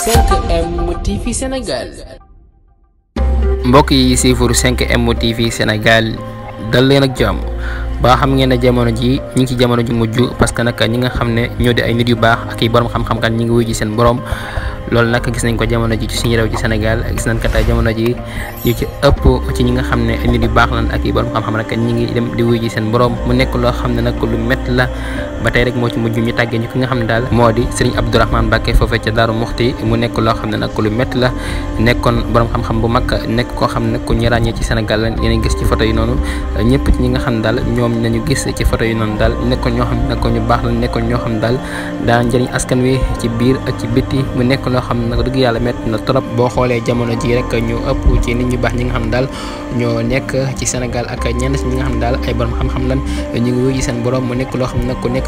5M TV Sénégal. mbokk yi siifur 5M TV Sénégal dal leen ak jàmm ba xam ngeen ne jamono ji ñu ngi ci jamono ju mujj parce que nag ñi nga xam ne ñoo di ay nit yu baax ak i borom xam-xam kan ñi ngi wuy ji seen borom loolu nag gis nañ ko jamono ji ci suñu réew ci Sénégal gis nañ ko jamono ji ñu ci ëpp ci ñi nga xam ne ay nit yu baax lan ak i borom xam-xam nag ñi ngi dem di wuy ji seen borom mu nekk loo xam ne nag lu métti la. ba tey rek moo ci mujj ñu tàggee ñu ki nga xam ne daal moo di sëriñ Abdourahmane Mbacke foofee ca Daaru Muxti mu nekk loo xam ne nag lu métti la nekkoon borom xam-xam bu mag nekk koo xam ne ku ñu ràññee ci Sénégal la yéen gis ci photo yi noonu ñëpp ci ñi nga xam ne daal ñoom nañu gis xam ne nag ko ñu baax la nekkoon ñoo xam ne daal daa njëriñ wi ci biir ak ci bitti mu nekk loo xam ne nag dëgg yàlla métti na trop boo xoolee jamono ji rek ñu ëpp ci nit nga xam daal ñoo nekk ci Sénégal ak ñenn ci ñi nga xam ne daal ay borom xam-xam lan ñu ngi wuyu seen borom mu nekk loo xam ne ku nekk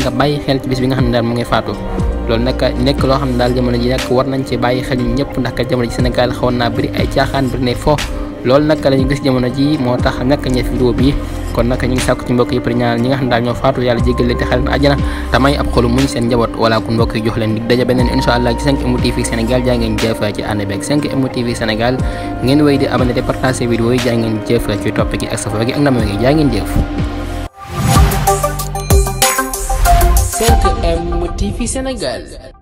nga bàyyi xel ci bis bi nga xam ne daal mu ngi faatu loolu nekk loo xam ne daal jamono ji nag war nañ ci bàyyi xel ñun ñëpp ndax kat jamono ji Sénégal xawoon naa bëri ay caaxaan bëri ne loolu nag la gis jamono ji moo tax nag ñeef vidéo bi kon ñi nga xam ne daal ñoo faatu yàlla jéggal te xale na àjjana ab xolu muñ seen njaboot wala ku mbokk jox leen dig daje beneen incha allah ci 5M TV jaa ngeen jëf ci ànd beeg fii Sénégal